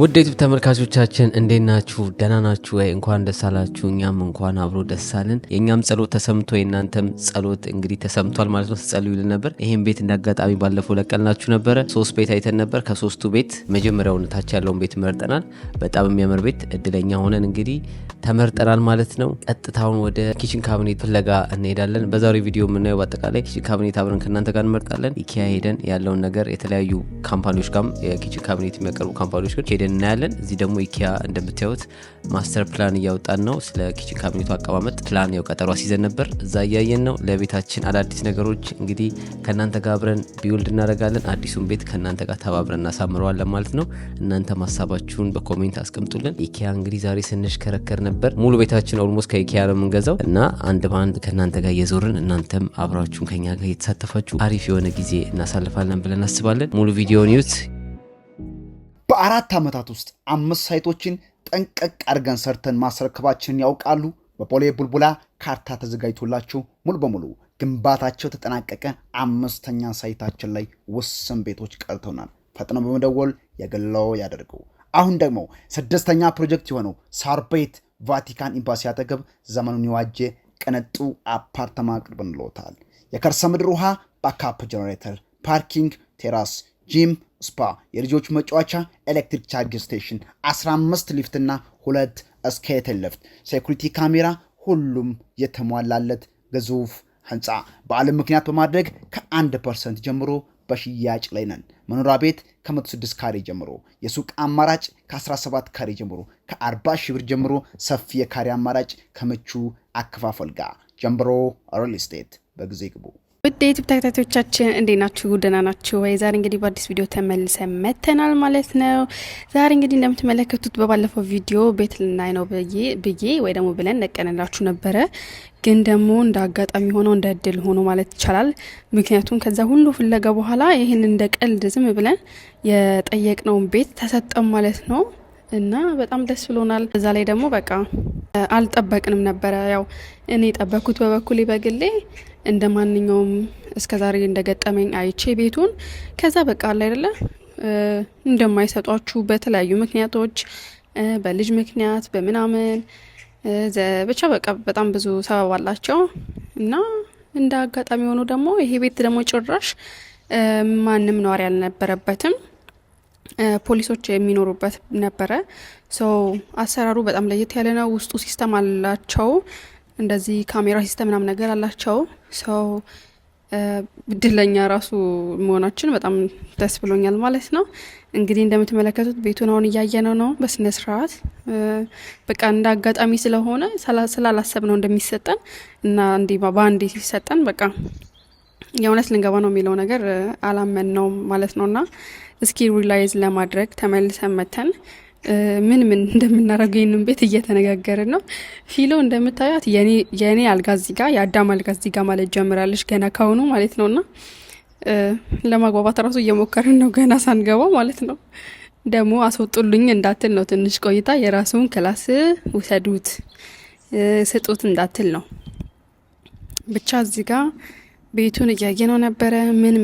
ውዴት ተመልካቾቻችን እንዴት ናችሁ? ደህና ናችሁ ወይ? እንኳን ደስ አላችሁ። እኛም እንኳን አብሮ ደስ የእኛም ጸሎት ተሰምቶ የእናንተም ጸሎት እንግዲህ ተሰምቷል ማለት ነው። ስትጸልዩልን ነበር። ይህም ቤት እንዳጋጣሚ ባለፈው ለቀልናችሁ ነበረ። ሶስት ቤት አይተን ነበር። ከሶስቱ ቤት መጀመሪያ ታች ያለውን ቤት መርጠናል። በጣም የሚያምር ቤት እድለኛ ሆነን እንግዲህ ተመርጠናል ማለት ነው። ቀጥታውን ወደ ኪችን ካቢኔት ፍለጋ እንሄዳለን። በዛሬ ቪዲዮ የምናየው በአጠቃላይ ኪችን ካቢኔት አብረን ከእናንተ ጋር እንመርጣለን። ኢኪያ ሄደን ያለውን ነገር የተለያዩ ካምፓኒዎች ጋም የኪችን ካቢኔት የሚያቀርቡ ካምፓኒዎች ሄደን እየሄድን እናያለን። እዚህ ደግሞ ኢኪያ እንደምታዩት ማስተር ፕላን እያወጣን ነው። ስለ ኪችን ካቢኔቱ አቀማመጥ ፕላን ያው ቀጠሮ ሲዘን ነበር፣ እዛ እያየን ነው። ለቤታችን አዳዲስ ነገሮች እንግዲህ ከእናንተ ጋር አብረን ቢውልድ እናደርጋለን። አዲሱን ቤት ከእናንተ ጋር ተባብረን እናሳምረዋለን ማለት ነው። እናንተ ሀሳባችሁን በኮሜንት አስቀምጡልን። ኢኪያ እንግዲህ ዛሬ ስንሽከረከር ነበር። ሙሉ ቤታችን ኦልሞስት ከኢኪያ ነው የምንገዛው እና አንድ በአንድ ከእናንተ ጋር እየዞርን እናንተም አብራችሁን ከኛ ጋር እየተሳተፋችሁ አሪፍ የሆነ ጊዜ እናሳልፋለን ብለን አስባለን ሙሉ ቪዲዮ ኒውት በአራት ዓመታት ውስጥ አምስት ሳይቶችን ጠንቀቅ አድርገን ሰርተን ማስረከባችንን ያውቃሉ። በቦሌ ቡልቡላ ካርታ ተዘጋጅቶላቸው ሙሉ በሙሉ ግንባታቸው ተጠናቀቀ። አምስተኛ ሳይታችን ላይ ውስን ቤቶች ቀርተውናል። ፈጥነው በመደወል የግለው ያደርጉ። አሁን ደግሞ ስድስተኛ ፕሮጀክት የሆነው ሳር ቤት ቫቲካን ኤምባሲ አጠገብ ዘመኑን የዋጀ ቅንጡ አፓርታማ ቅርብ የከርሰ ምድር ውሃ፣ ባካፕ ጀኔሬተር፣ ፓርኪንግ፣ ቴራስ፣ ጂም ስፓ፣ የልጆች መጫወቻ፣ ኤሌክትሪክ ቻርጅ ስቴሽን፣ 15 ሊፍትና ሁለት እስኬትን ልፍት፣ ሴኩሪቲ ካሜራ፣ ሁሉም የተሟላለት ግዙፍ ህንፃ በዓለም ምክንያት በማድረግ ከአንድ ፐርሰንት ጀምሮ በሽያጭ ላይ ነን። መኖሪያ ቤት ከ106 ካሬ ጀምሮ፣ የሱቅ አማራጭ ከ17 ካሬ ጀምሮ፣ ከ40 ሺህ ብር ጀምሮ ሰፊ የካሬ አማራጭ ከምቹ አከፋፈል ጋር ጀምሮ ሪል ስቴት በጊዜ ግቡ። ውድ የዩቱብ ተከታታዮቻችን እንዴት ናችሁ? ደህና ናችሁ ወይ? ዛሬ እንግዲህ በአዲስ ቪዲዮ ተመልሰን መተናል ማለት ነው። ዛሬ እንግዲህ እንደምትመለከቱት በባለፈው ቪዲዮ ቤት ልናይ ነው ብዬ ወይ ደግሞ ብለን ነቀንላችሁ ነበረ። ግን ደግሞ እንደ አጋጣሚ ሆነው እንደ እድል ሆኖ ማለት ይቻላል። ምክንያቱም ከዛ ሁሉ ፍለጋ በኋላ ይህን እንደ ቀልድ ዝም ብለን የጠየቅነውን ቤት ተሰጠም ማለት ነው እና በጣም ደስ ብሎናል። እዛ ላይ ደግሞ በቃ አልጠበቅንም ነበረ። ያው እኔ ጠበኩት በበኩሌ በግሌ እንደ ማንኛውም እስከ ዛሬ እንደገጠመኝ አይቼ ቤቱን ከዛ በቃ አለ አይደለ እንደማይሰጧችሁ በተለያዩ ምክንያቶች በልጅ ምክንያት በምናምን ብቻ በቃ በጣም ብዙ ሰበብ አላቸው እና እንደ አጋጣሚ ሆኖ ደግሞ ይሄ ቤት ደግሞ ጭራሽ ማንም ነዋሪ አልነበረበትም። ፖሊሶች የሚኖሩበት ነበረ። ሰው አሰራሩ በጣም ለየት ያለ ነው። ውስጡ ሲስተም አላቸው። እንደዚህ ካሜራ ሲስተም ምናምን ነገር አላቸው። ሰው እድለኛ ራሱ መሆናችን በጣም ደስ ብሎኛል ማለት ነው። እንግዲህ እንደምትመለከቱት ቤቱን አሁን እያየነው ነው በስነ ስርዓት። በቃ እንደ አጋጣሚ ስለሆነ ስላላሰብ ነው እንደሚሰጠን እና እንዲህ በአንዴ ሲሰጠን በቃ የእውነት ልንገባ ነው የሚለው ነገር አላመን ነው ማለት ነው እና እስኪ ሪላይዝ ለማድረግ ተመልሰን መተን ምን ምን እንደምናደርገው ይህንን ቤት እየተነጋገርን ነው። ፊሎ እንደምታዩት የእኔ አልጋ እዚህ ጋ የአዳም አልጋ እዚህ ጋ ማለት ጀምራለች ገና ከሆኑ ማለት ነው። እና ለማግባባት ራሱ እየሞከርን ነው ገና ሳንገባው ማለት ነው። ደግሞ አስወጡልኝ እንዳትል ነው ትንሽ ቆይታ የራሱን ክላስ ውሰዱት ስጡት እንዳትል ነው ብቻ እዚህ ጋር ቤቱን እያየ ነው ነበረ። ምን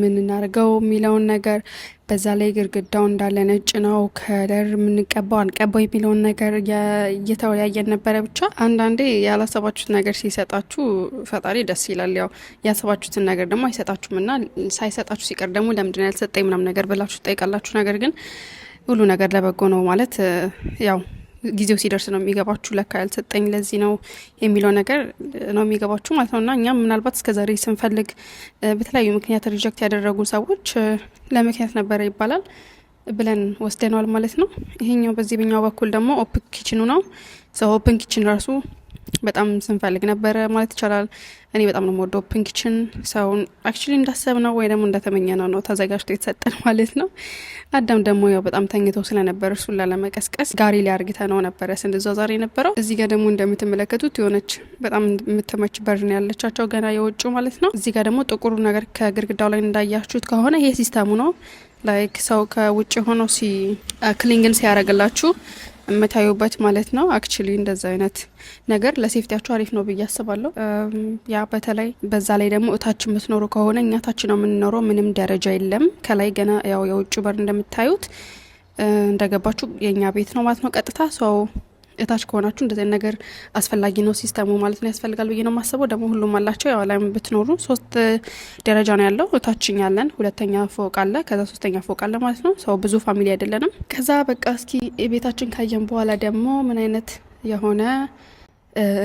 ምን እናርገው የሚለውን ነገር በዛ ላይ ግርግዳው እንዳለ ነጭ ነው። ከለር የምንቀባው አንቀባው የሚለውን ነገር እየተወያየን ነበረ። ብቻ አንዳንዴ ያላሰባችሁት ነገር ሲሰጣችሁ ፈጣሪ ደስ ይላል። ያው ያሰባችሁትን ነገር ደግሞ አይሰጣችሁም እና ሳይሰጣችሁ ሲቀር ደግሞ ለምንድን ያልሰጠኝ ምናምን ነገር ብላችሁ ትጠይቃላችሁ። ነገር ግን ሁሉ ነገር ለበጎ ነው ማለት ያው ጊዜው ሲደርስ ነው የሚገባችሁ ለካ ያልሰጠኝ ለዚህ ነው የሚለው ነገር ነው የሚገባችሁ ማለት ነው። እና እኛም ምናልባት እስከዛሬ ስንፈልግ በተለያዩ ምክንያት ሪጀክት ያደረጉ ሰዎች ለምክንያት ነበረ ይባላል ብለን ወስደነዋል ማለት ነው። ይሄኛው በዚህ በኛው በኩል ደግሞ ኦፕን ኪችኑ ነው። ኦፕን ኪችን ራሱ በጣም ስንፈልግ ነበረ ማለት ይቻላል። እኔ በጣም ነው ወዶ ፒንክችን ሰውን አክቹሊ እንዳሰብ ነው ወይ ደግሞ እንደተመኘ ነው ነው ተዘጋጅቶ የተሰጠን ማለት ነው። አዳም ደግሞ ያው በጣም ተኝቶ ስለነበር እሱን ላለመቀስቀስ ጋሪ ሊያርግተ ነው ነበረ ስንዛ ዛሬ ነበረው። እዚህ ጋር ደግሞ እንደምትመለከቱት የሆነች በጣም የምትመች በርን ያለቻቸው ገና የውጩ ማለት ነው። እዚህ ጋር ደግሞ ጥቁሩ ነገር ከግርግዳው ላይ እንዳያችሁት ከሆነ ይሄ ሲስተሙ ነው ላይክ ሰው ከውጭ ሆኖ ሲ ክሊንግን ሲያደርግላችሁ የምታዩበት ማለት ነው። አክቹሊ እንደዛ አይነት ነገር ለሴፍቲያቸው አሪፍ ነው ብዬ አስባለሁ። ያ በተለይ በዛ ላይ ደግሞ እታች የምትኖሩ ከሆነ እኛ ታች ነው የምንኖረው። ምንም ደረጃ የለም። ከላይ ገና ያው የውጭ በር እንደምታዩት እንደገባችሁ የእኛ ቤት ነው ማለት ነው። ቀጥታ ሰው እታች ከሆናችሁ እንደዚህ ነገር አስፈላጊ ነው ሲስተሙ ማለት ነው ያስፈልጋል ብዬ ነው የማስበው። ደግሞ ሁሉም አላቸው። ያው ላይም ብትኖሩ ሶስት ደረጃ ነው ያለው። እታችኛ ያለን ሁለተኛ ፎቅ አለ፣ ከዛ ሶስተኛ ፎቅ አለ ማለት ነው። ሰው ብዙ ፋሚሊ አይደለንም። ከዛ በቃ እስኪ ቤታችን ካየን በኋላ ደግሞ ምን አይነት የሆነ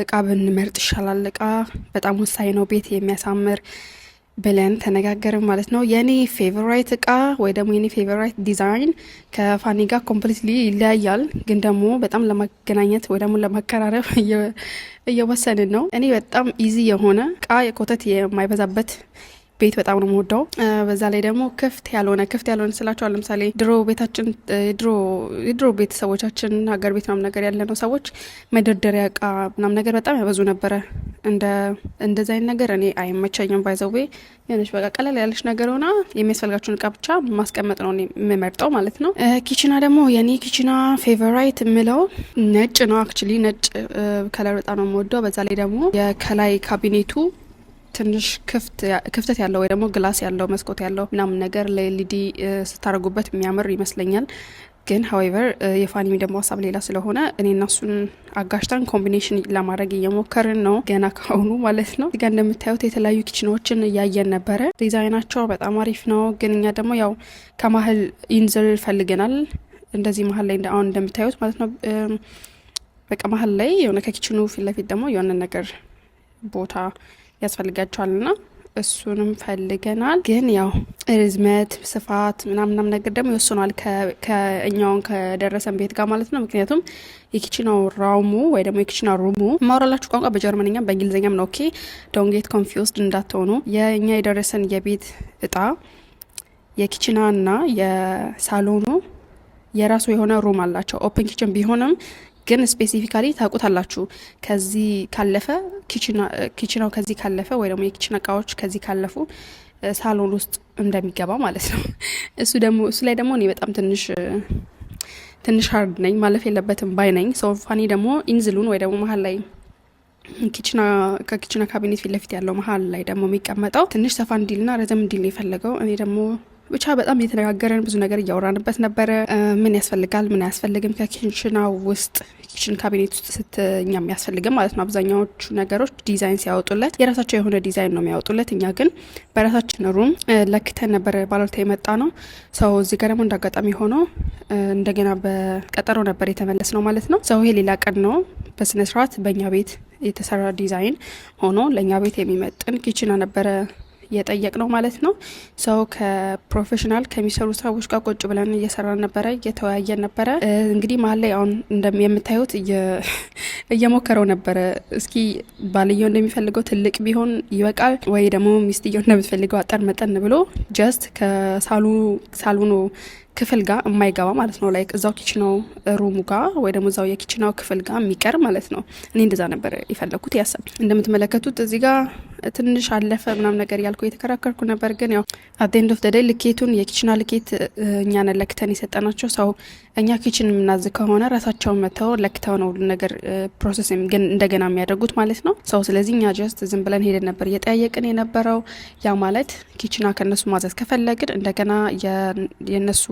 እቃ ብንመርጥ ይሻላል። እቃ በጣም ወሳኝ ነው ቤት የሚያሳምር ብለን ተነጋገርን ማለት ነው። የኔ ፌቨራይት እቃ ወይ ደግሞ የኔ ፌቨራይት ዲዛይን ከፋኒ ጋር ኮምፕሊትሊ ይለያያል፣ ግን ደግሞ በጣም ለማገናኘት ወይ ደግሞ ለማቀራረብ እየወሰንን ነው። እኔ በጣም ኢዚ የሆነ እቃ የኮተት የማይበዛበት ቤት በጣም ነው የምወደው። በዛ ላይ ደግሞ ክፍት ያልሆነ ክፍት ያልሆነ ስላቸዋል። ለምሳሌ ድሮ ቤታችን ድሮ ቤተሰቦቻችን ሀገር ቤት ምናምን ነገር ያለነው ሰዎች መደርደሪያ እቃ ምናምን ነገር በጣም ያበዙ ነበረ። እንደ እንደዚ አይነት ነገር እኔ አይመቸኝም። ባይዘዌ የሆነች በቃ ቀለል ያለች ነገር ሆና የሚያስፈልጋቸውን እቃ ብቻ ማስቀመጥ ነው የምመርጠው ማለት ነው። ኪችና ደግሞ የኔ ኪችና ፌቨራይት የምለው ነጭ ነው። አክቹሊ ነጭ ከለር በጣም ነው የምወደው። በዛ ላይ ደግሞ የከላይ ካቢኔቱ ትንሽ ክፍተት ያለው ወይ ደግሞ ግላስ ያለው መስኮት ያለው ምናምን ነገር ለኤልዲ ስታደርጉበት የሚያምር ይመስለኛል። ግን ሀዌቨር የፋኒም ደግሞ ሀሳብ ሌላ ስለሆነ እኔ እናሱን አጋሽተን ኮምቢኔሽን ለማድረግ እየሞከርን ነው፣ ገና ካሁኑ ማለት ነው። እዚጋ እንደምታዩት የተለያዩ ኪችኖችን እያየን ነበረ። ዲዛይናቸው በጣም አሪፍ ነው። ግን እኛ ደግሞ ያው ከመሀል ይንዝል ፈልገናል። እንደዚህ መሀል ላይ አሁን እንደምታዩት ማለት ነው። በቃ መሀል ላይ የሆነ ከኪችኑ ፊት ለፊት ደግሞ የሆነ ነገር ቦታ ያስፈልጋቸዋል ና እሱንም ፈልገናል። ግን ያው ርዝመት፣ ስፋት ምናምናም ነገር ደግሞ ይወስኗል ከእኛውን ከደረሰን ቤት ጋር ማለት ነው። ምክንያቱም የኪችናው ራሙ ወይ ደግሞ የኪችና ሩሙ የማውራላችሁ ቋንቋ በጀርመንኛም በእንግሊዝኛም ነው። ኦኬ ዶንጌት ኮንፊውስድ እንዳትሆኑ። የእኛ የደረሰን የቤት እጣ የኪችና ና የሳሎኑ የራሱ የሆነ ሩም አላቸው ኦፕን ኪችን ቢሆንም ግን ስፔሲፊካሊ ታውቁታላችሁ። ከዚህ ካለፈ ኪችናው ከዚህ ካለፈ ወይ ደግሞ የኪችን እቃዎች ከዚህ ካለፉ ሳሎን ውስጥ እንደሚገባ ማለት ነው። እሱ ደግሞ እሱ ላይ ደግሞ እኔ በጣም ትንሽ ትንሽ ሀርድ ነኝ ማለፍ የለበትም ባይ ነኝ። ፋኒ ደግሞ ኢንዝሉን ወይ ደግሞ መሀል ላይ ኪችና ከኪችና ካቢኔት ፊት ለፊት ያለው መሀል ላይ ደግሞ የሚቀመጠው ትንሽ ሰፋ እንዲልና ረዘም እንዲል የፈለገው እኔ ደግሞ ብቻ በጣም እየተነጋገረን ብዙ ነገር እያወራንበት ነበረ። ምን ያስፈልጋል፣ ምን አያስፈልግም ከኪችና ውስጥ ኪችን ካቢኔት ውስጥ ስትኛ የሚያስፈልግም ማለት ነው። አብዛኛዎቹ ነገሮች ዲዛይን ሲያወጡለት የራሳቸው የሆነ ዲዛይን ነው የሚያወጡለት። እኛ ግን በራሳችን ሩም ለክተን ነበረ ባለታ የመጣ ነው ሰው። እዚህ ጋር ደግሞ እንዳጋጣሚ ሆኖ እንደገና በቀጠሮ ነበር የተመለስ ነው ማለት ነው። ሰው ይሄ ሌላ ቀን ነው በስነስርዓት በእኛ ቤት የተሰራ ዲዛይን ሆኖ ለእኛ ቤት የሚመጥን ኪችና ነበረ እየጠየቅ ነው ማለት ነው። ሰው ከፕሮፌሽናል ከሚሰሩ ሰዎች ጋር ቁጭ ብለን እየሰራን ነበረ፣ እየተወያየን ነበረ። እንግዲህ መሀል ላይ አሁን እንደየምታዩት እየሞከረው ነበረ። እስኪ ባልየው እንደሚፈልገው ትልቅ ቢሆን ይበቃል ወይ ደግሞ ሚስትየው እንደምትፈልገው አጠር መጠን ብሎ ጀስት ከሳሉ ሳሉኑ ክፍል ጋር የማይገባ ማለት ነው። ላይክ እዛው ኪችናው ሩሙ ጋር ወይ ደግሞ እዛው የኪችናው ክፍል ጋር የሚቀር ማለት ነው። እኔ እንደዛ ነበር የፈለግኩት ያሰብ እንደምትመለከቱት እዚህ ጋር ትንሽ አለፈ ምናምን ነገር እያልኩ የተከራከርኩ ነበር። ግን ያው አት ኤንድ ኦፍ ደደይ ልኬቱን የኪችና ልኬት እኛ ነን ለክተን የሰጠናቸው ሰው እኛ ኪችን የምናዝ ከሆነ ራሳቸው መተው ለክተው ነው ሁሉ ነገር ፕሮሰስ እንደገና የሚያደርጉት ማለት ነው ሰው። ስለዚህ እኛ ጀስት ዝም ብለን ሄደን ነበር እየጠያየቅን የነበረው ያ ማለት ኪችና ከእነሱ ማዘዝ ከፈለግን እንደገና የነሱ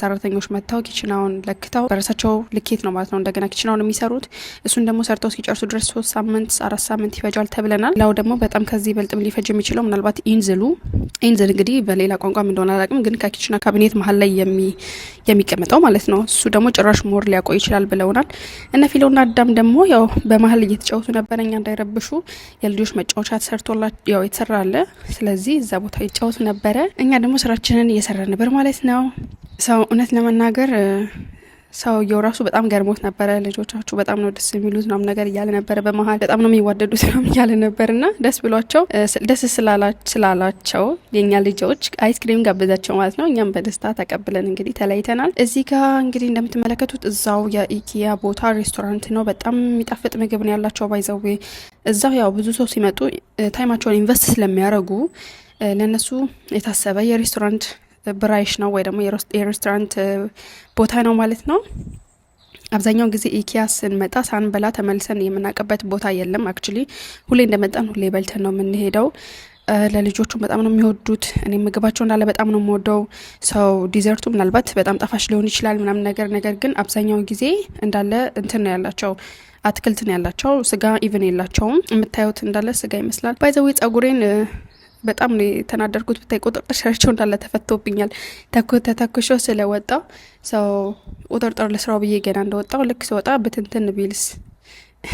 ሰራተኞች መጥተው ኪችናውን ለክተው በራሳቸው ልኬት ነው ማለት ነው እንደገና ኪችናውን የሚሰሩት። እሱን ደግሞ ሰርተው እስኪጨርሱ ድረስ ሶስት ሳምንት አራት ሳምንት ይፈጃል ተብለናል። ሌላው ደግሞ በጣም ከዚህ በልጥም ሊፈጅ የሚችለው ምናልባት ኢንዝሉ ኢንዝል እንግዲህ በሌላ ቋንቋም እንደሆነ አላውቅም፣ ግን ከኪችና ካቢኔት መሀል ላይ የሚቀመጠው ማለት ነው። እሱ ደግሞ ጭራሽ ሞር ሊያቆይ ይችላል ብለውናል። እነ ፊሎና አዳም ደግሞ ያው በመሀል እየተጫወቱ ነበረ እኛ እንዳይረብሹ የልጆች መጫወቻ ተሰርቶላ ያው የተሰራለ። ስለዚህ እዛ ቦታ ይጫወቱ ነበረ። እኛ ደግሞ ስራችንን እየሰራ ነበር ማለት ነው። ሰው እውነት ለመናገር ሰውየው ራሱ በጣም ገርሞት ነበረ። ልጆቻችሁ በጣም ነው ደስ የሚሉት ምናምን ነገር እያለ ነበረ። በመሀል በጣም ነው የሚዋደዱት ነው እያለ ነበር እና ደስ ብሏቸው ደስ ስላላቸው የኛ ልጆች አይስክሪም ጋበዛቸው ማለት ነው። እኛም በደስታ ተቀብለን እንግዲህ ተለይተናል። እዚህ ጋ እንግዲህ እንደምትመለከቱት እዛው የኢኪያ ቦታ ሬስቶራንት ነው። በጣም የሚጣፍጥ ምግብ ነው ያላቸው። ባይዘዌ እዛው ያው ብዙ ሰው ሲመጡ ታይማቸውን ኢንቨስት ስለሚያደርጉ ለእነሱ የታሰበ የሬስቶራንት ብራይሽ ነው ወይ ደግሞ የሬስቶራንት ቦታ ነው ማለት ነው። አብዛኛውን ጊዜ ኢኪያ ስንመጣ ሳንበላ ተመልሰን የምናውቅበት ቦታ የለም። አክቹሊ ሁሌ እንደመጣን ሁሌ በልተን ነው የምንሄደው። ለልጆቹ በጣም ነው የሚወዱት። እኔ ምግባቸው እንዳለ በጣም ነው የምወደው። ሰው ዲዘርቱ ምናልባት በጣም ጣፋጭ ሊሆን ይችላል ምናምን ነገር ነገር ግን አብዛኛው ጊዜ እንዳለ እንትን ነው ያላቸው አትክልትን ያላቸው። ስጋ ኢቨን የላቸውም። የምታዩት እንዳለ ስጋ ይመስላል። ባይዘዌ ጸጉሬን በጣም ነው የተናደርኩት። ብታይ ቁጥርጥራቸው እንዳለ ተፈቶብኛል። ተተኩሾ ስለወጣው ሰው ቁጥርጥር ለስራው ብዬ ገና እንደወጣው ልክ ስወጣ ብትንትን ቢልስ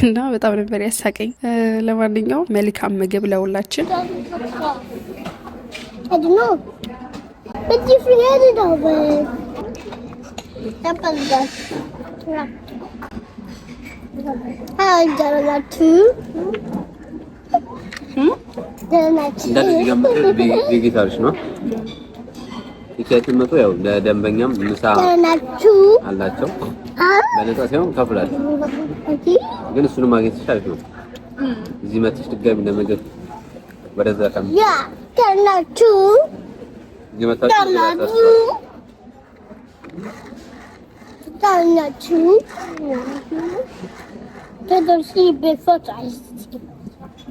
እና በጣም ነበር ያሳቀኝ። ለማንኛውም መልካም ምግብ ለሁላችን። እንደዚህ ጀምረን ቬጌታሪሽ ነው። ቲኬቱን መቶ ያው ለደንበኛም ምሳ አላቸው በነፃ ሳይሆን ከፍላችሁ፣ ግን እሱንም ማግኘት ይችላል ነው። እዚህ መጥተሽ ድጋሚ ለምግብ ወደዛ ከም ያ ተናችሁ ይመጣችሁ ተናችሁ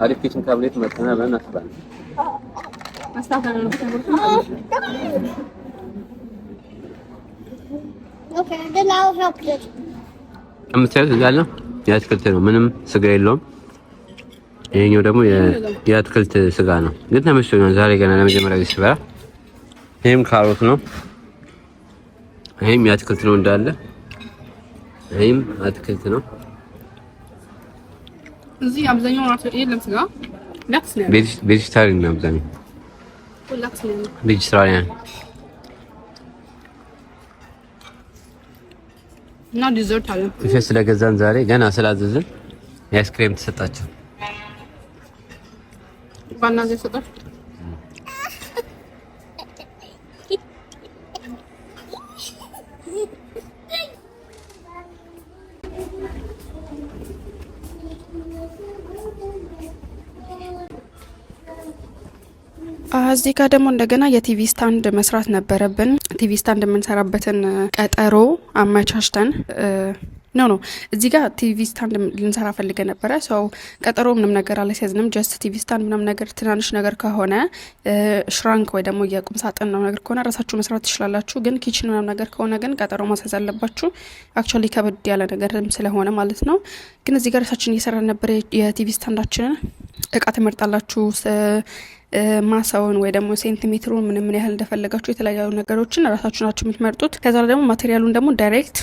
አሪፍ ኪችን ካብሌት መጥና ብለን አስባለን። የምታዩት እዛ አለ የአትክልት ነው፣ ምንም ስጋ የለውም። ይሄኛው ደግሞ የአትክልት ስጋ ነው፣ ግን ተመችቶኛል ዛሬ ገና ለመጀመሪያ ጊዜ ስበላ። ይህም ካሮት ነው፣ ይህም የአትክልት ነው እንዳለ፣ ይህም አትክልት ነው። እዚህ አብዛኛው ራሱ የለም ስጋ ላክስ ነው። ቬጂታሪያን ነው አብዛኛው ላክስ ነው። ነው እና ዲዘርት አለ። እሺ ስለገዛን ዛሬ ገና ስላዘዝን የአይስክሬም ተሰጣቸው ባናዘ ዘይ ሰጣቸው እዚህ ጋር ደግሞ እንደገና የቲቪ ስታንድ መስራት ነበረብን። ቲቪ ስታንድ የምንሰራበትን ቀጠሮ አመቻችተን ኖ ኖ እዚህ ጋር ቲቪ ስታንድ ልንሰራ ፈልገ ነበረ። ሰው ቀጠሮ ምንም ነገር አላስያዝንም። ጀስት ቲቪ ስታንድ ምናም ነገር ትናንሽ ነገር ከሆነ ሽራንክ ወይ ደግሞ የቁም ሳጥን ነው ነገር ከሆነ ራሳችሁ መስራት ትችላላችሁ። ግን ኪችን ምናም ነገር ከሆነ ግን ቀጠሮ ማስያዝ አለባችሁ። አክቹዋሊ ከበድ ያለ ነገርም ስለሆነ ማለት ነው። ግን እዚህ ጋር ራሳችን እየሰራ ነበር የቲቪ ስታንዳችንን። እቃ ትመርጣላችሁ ማሳውን ወይ ደግሞ ሴንቲሜትሩን ምን ምን ያህል እንደፈለጋችሁ የተለያዩ ነገሮችን ራሳችሁ ናችሁ የምትመርጡት። ከዛ ደግሞ ማቴሪያሉን ደግሞ ዳይሬክት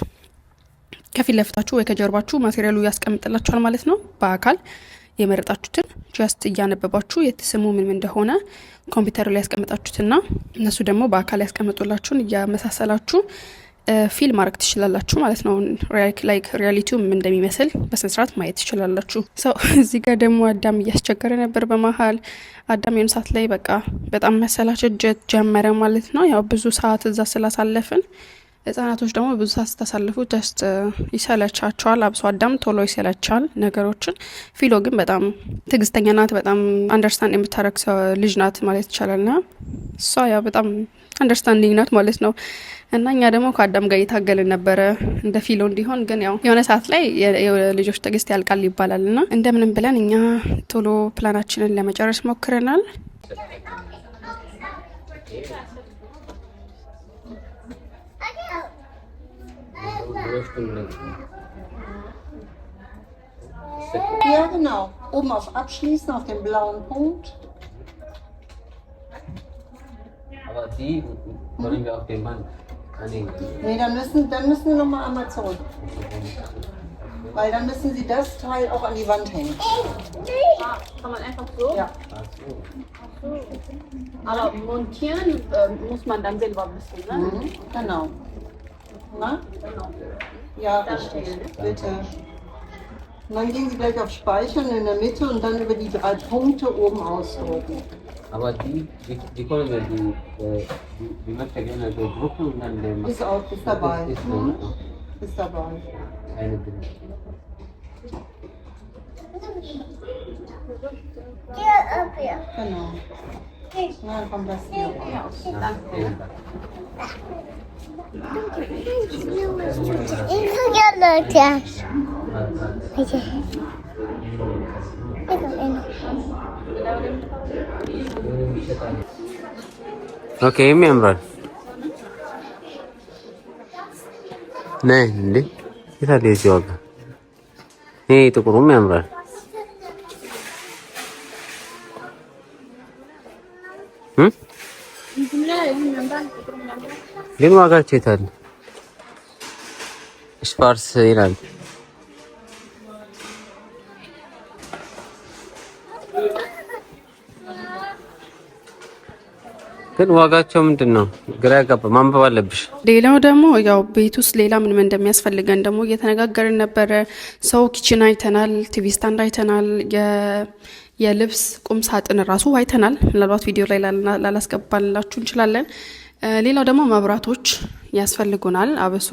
ከፊት ለፊታችሁ ወይ ከጀርባችሁ ማቴሪያሉ ያስቀምጥላችኋል ማለት ነው። በአካል የመረጣችሁትን ጃስት እያነበባችሁ የትስሙ ምን እንደሆነ ኮምፒውተሩ ላይ ያስቀምጣችሁትና እነሱ ደግሞ በአካል ያስቀምጡላችሁን እያመሳሰላችሁ ፊል ማድረግ ትችላላችሁ ማለት ነው። ላይክ ሪያሊቲው እንደሚመስል በስነስርዓት ማየት ትችላላችሁ። ሰው እዚህ ጋር ደግሞ አዳም እያስቸገረ ነበር። በመሀል አዳም የሆነ ሰዓት ላይ በቃ በጣም መሰላቸት ጀመረ ማለት ነው። ያው ብዙ ሰዓት እዛ ስላሳለፍን ህጻናቶች ደግሞ ብዙ ሰዓት ስታሳልፉ ጀስት ይሰለቻቸዋል። አብሶ አዳም ቶሎ ይሰለቻል ነገሮችን። ፊሎ ግን በጣም ትዕግስተኛ ናት፣ በጣም አንደርስታንድ የምታደረግ ልጅ ናት ማለት ይቻላል። ና እሷ ያው በጣም አንደርስታንዲንግ ናት ማለት ነው። እና እኛ ደግሞ ከአዳም ጋር እየታገልን ነበረ እንደ ፊሎ እንዲሆን። ግን ያው የሆነ ሰዓት ላይ ልጆች ትዕግስት ያልቃል ይባላል እና እንደምንም ብለን እኛ ቶሎ ፕላናችንን ለመጨረስ ሞክረናል። Ja, genau. Oben auf Abschließen, auf blauen Punkt. Aber die wir auf den Mann. Nee, dann müssen, dann müssen wir nochmal einmal zurück. Weil dann müssen Sie das Teil auch an die Wand hängen. Ah, kann man einfach so? Ja. Aber also, montieren äh, muss man dann selber wissen, ne? Mhm, genau. Na? Genau. Ja, richtig. Ne? Bitte. Und dann gehen Sie gleich auf Speichern in der Mitte und dann über die drei Punkte oben ausdrucken. di, di, di cosa di, di, di Mecca viene dal gruppo Mesela o kısa bay. Kısa bay. Aynı bir. Gel yapıyor. Genau. Bunlar kommt das hier. İnternet. Bitte. Bitte. Okay ఏం member నేనండి ఇలా లేచి ఒక ఏ ఇది ఒక room member لين ما قالت شيء ثاني ايش بارس ايران ግን ዋጋቸው ምንድን ነው? ግራ ያጋባ ማንበብ አለብሽ። ሌላው ደግሞ ያው ቤት ውስጥ ሌላ ምንም እንደሚያስፈልገን ደግሞ እየተነጋገርን ነበረ። ሰው ኪችን አይተናል፣ ቲቪ ስታንድ አይተናል፣ የልብስ ቁም ሳጥን ራሱ አይተናል። ምናልባት ቪዲዮ ላይ ላላስገባላችሁ እንችላለን። ሌላው ደግሞ መብራቶች ያስፈልጉናል። አብሶ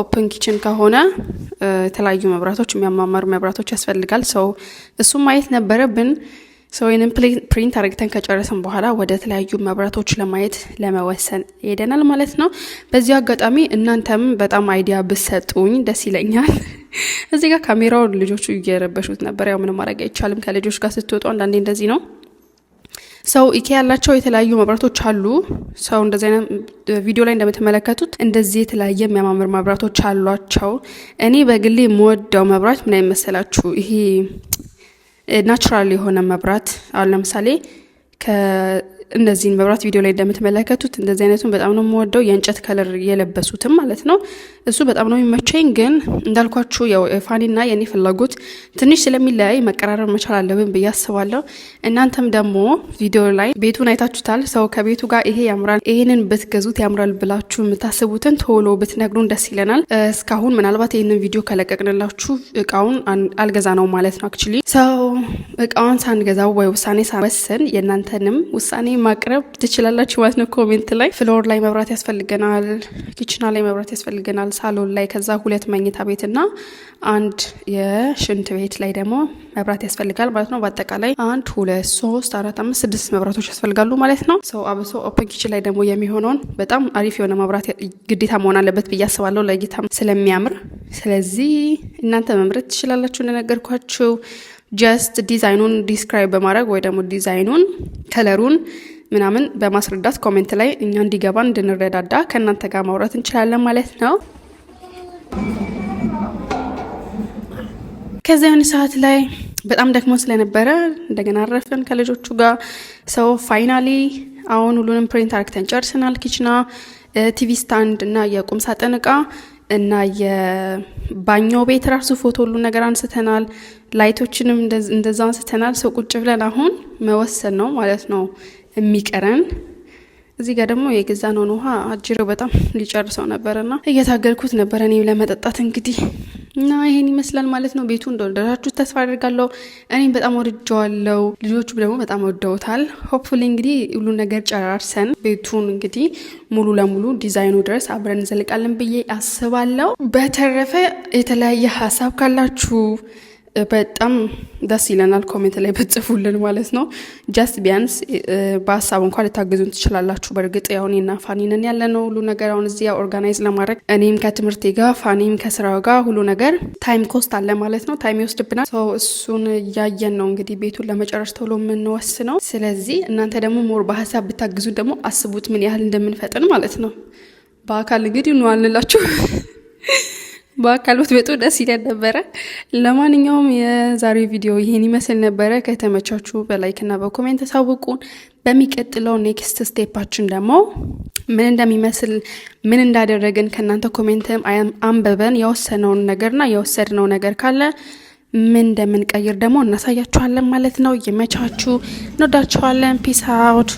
ኦፕን ኪችን ከሆነ የተለያዩ መብራቶች፣ የሚያማመሩ መብራቶች ያስፈልጋል። ሰው እሱም ማየት ነበረብን። ሰውንም ፕሪንት አድርግተን ከጨረስን በኋላ ወደ ተለያዩ መብራቶች ለማየት ለመወሰን ሄደናል ማለት ነው። በዚህ አጋጣሚ እናንተም በጣም አይዲያ ብሰጡኝ ደስ ይለኛል። እዚህ ጋር ካሜራውን ልጆቹ እየረበሹት ነበር። ያው ምንም ማድረግ አይቻልም። ከልጆች ጋር ስትወጡ አንዳንዴ እንደዚህ ነው። ሰው ኢኬ ያላቸው የተለያዩ መብራቶች አሉ። ሰው እንደዚህ አይነት ቪዲዮ ላይ እንደምትመለከቱት እንደዚህ የተለያየ የሚያማምር መብራቶች አሏቸው። እኔ በግሌ የምወደው መብራት ምን አይመሰላችሁ ይሄ ናቹራል የሆነ መብራት አሁን ለምሳሌ እነዚህን መብራት ቪዲዮ ላይ እንደምትመለከቱት እንደዚህ አይነቱን በጣም ነው የምወደው። የእንጨት ከለር የለበሱትም ማለት ነው። እሱ በጣም ነው የሚመቸኝ። ግን እንዳልኳችሁ ያው ፋኒና የኔ ፍላጎት ትንሽ ስለሚለያይ መቀራረብ መቻል አለብን ብዬ አስባለሁ። እናንተም ደግሞ ቪዲዮ ላይ ቤቱን አይታችሁታል። ሰው ከቤቱ ጋር ይሄ ያምራል፣ ይሄንን ብትገዙት ያምራል ብላችሁ የምታስቡትን ቶሎ ብትነግሩን ደስ ይለናል። እስካሁን ምናልባት ይህንን ቪዲዮ ከለቀቅንላችሁ እቃውን አልገዛ ነው ማለት ነው። አክቹሊ ሰው እቃውን ሳንገዛው ወይ ውሳኔ ሳንወስን የእናንተንም ውሳኔ ማቅረብ ትችላላችሁ ማለት ነው። ኮሜንት ላይ ፍሎር ላይ መብራት ያስፈልገናል፣ ኪችና ላይ መብራት ያስፈልገናል፣ ሳሎን ላይ ከዛ ሁለት መኝታ ቤትና አንድ የሽንት ቤት ላይ ደግሞ መብራት ያስፈልጋል ማለት ነው። በአጠቃላይ አንድ ሁለት ሶስት አራት አምስት ስድስት መብራቶች ያስፈልጋሉ ማለት ነው። ሰው አብሶ ኦፕን ኪችን ላይ ደግሞ የሚሆነውን በጣም አሪፍ የሆነ መብራት ግዴታ መሆን አለበት ብዬ አስባለሁ ለእይታ ስለሚያምር። ስለዚህ እናንተ መምረት ትችላላችሁ እንደነገርኳችሁ ጀስት ዲዛይኑን ዲስክራይብ በማድረግ ወይ ደግሞ ዲዛይኑን ከለሩን ምናምን በማስረዳት ኮሜንት ላይ እኛ እንዲገባ እንድንረዳዳ ከእናንተ ጋር ማውራት እንችላለን ማለት ነው። ከዚያ የሆነ ሰዓት ላይ በጣም ደክሞ ስለነበረ እንደገና አረፍን ከልጆቹ ጋር ሰው ፋይናሊ አሁን ሁሉንም ፕሪንት አርክተን ጨርሰናል። ኪችና ቲቪ ስታንድ እና የቁም ሳጥን እቃ እና የባኛው ቤት ራሱ ፎቶ ሁሉ ነገር አንስተናል። ላይቶችንም እንደዛ አንስተናል። ሰው ቁጭ ብለን አሁን መወሰን ነው ማለት ነው የሚቀረን። እዚህ ጋር ደግሞ የገዛነውን ውሃ አጅሬው በጣም ሊጨርሰው ነበርና እየታገልኩት ነበረ እኔም ለመጠጣት እንግዲህ እና ይሄን ይመስላል ማለት ነው። ቤቱ እንደወደዳችሁት ተስፋ አድርጋለሁ። እኔም በጣም ወድጀዋለው፣ ልጆቹ ደግሞ በጣም ወደውታል። ሆፕፉሊ እንግዲህ ሁሉ ነገር ጨራርሰን ቤቱን እንግዲህ ሙሉ ለሙሉ ዲዛይኑ ድረስ አብረን እንዘልቃለን ብዬ አስባለሁ። በተረፈ የተለያየ ሀሳብ ካላችሁ በጣም ደስ ይለናል ኮሜንት ላይ በጽፉልን ማለት ነው። ጃስት ቢያንስ በሀሳብ እንኳ ልታግዙን ትችላላችሁ። በእርግጥ ያው እኔና ፋኒንን ያለ ነው ሁሉ ነገር አሁን እዚያ ኦርጋናይዝ ለማድረግ እኔም ከትምህርቴ ጋር ፋኒም ከስራው ጋር ሁሉ ነገር ታይም ኮስት አለ ማለት ነው። ታይም ይወስድብናል። ሰው እሱን እያየን ነው እንግዲህ ቤቱን ለመጨረስ ቶሎ የምንወስነው። ስለዚህ እናንተ ደግሞ ሞር በሀሳብ ብታግዙን ደግሞ አስቡት ምን ያህል እንደምንፈጥን ማለት ነው። በአካል እንግዲህ እንዋልንላችሁ በአካል ብትመጡ ደስ ይለን ነበረ። ለማንኛውም የዛሬ ቪዲዮ ይህን ይመስል ነበረ። ከተመቻችሁ በላይክና በኮሜንት ተሳውቁን። በሚቀጥለው ኔክስት ስቴፓችን ደግሞ ምን እንደሚመስል ምን እንዳደረግን ከእናንተ ኮሜንትም አንበበን የወሰነውን ነገርና የወሰድነው ነገር ካለ ምን እንደምንቀይር ደግሞ እናሳያችኋለን ማለት ነው። ይመቻችሁ። እንወዳችኋለን። ፒስ አውት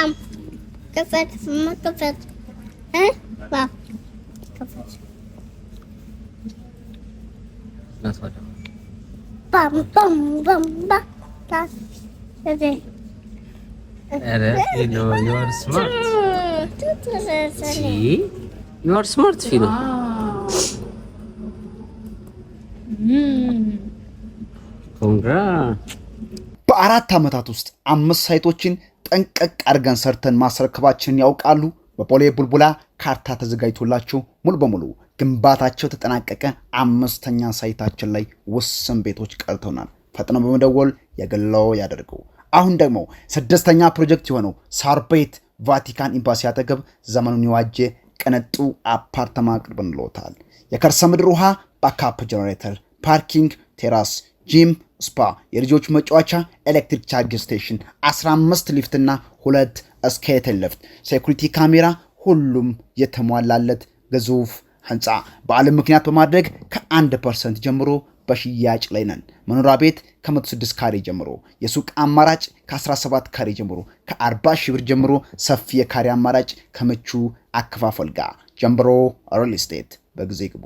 አም ክፈት ክፈት እ ዋው ክፈት ባም ባም ባም ባ ታስ እዴ አረ ስማርት ፊሎ ኮንግራ በአራት ዓመታት ውስጥ አምስት ሳይቶችን ጠንቀቅ አድርገን ሰርተን ማስረከባችንን ያውቃሉ። በቦሌ ቡልቡላ ካርታ ተዘጋጅቶላቸው ሙሉ በሙሉ ግንባታቸው ተጠናቀቀ። አምስተኛ ሳይታችን ላይ ውስን ቤቶች ቀርተውናል። ፈጥነው በመደወል የግለው ያደርገው። አሁን ደግሞ ስድስተኛ ፕሮጀክት የሆነው ሳር ቤት ቫቲካን ኤምባሲ አጠገብ ዘመኑን የዋጀ ቅንጡ አፓርተማ ቅርብ እንለታል። የከርሰ ምድር ውሃ፣ ባካፕ ጀኔሬተር፣ ፓርኪንግ፣ ቴራስ፣ ጂም ስፓ፣ የልጆች መጫወቻ፣ ኤሌክትሪክ ቻርጅ ስቴሽን፣ 15 ሊፍትና ሁለት እስኬትን ሊፍት፣ ሴኩሪቲ ካሜራ፣ ሁሉም የተሟላለት ግዙፍ ህንፃ በዓለም ምክንያት በማድረግ ከ1 ፐርሰንት ጀምሮ በሽያጭ ላይ ነን። መኖሪያ ቤት ከ106 ካሬ ጀምሮ፣ የሱቅ አማራጭ ከ17 ካሬ ጀምሮ፣ ከ40 ሺህ ብር ጀምሮ ሰፊ የካሬ አማራጭ ከምቹ አከፋፈል ጋር ጀምሮ ሪል ስቴት በጊዜ ግቡ።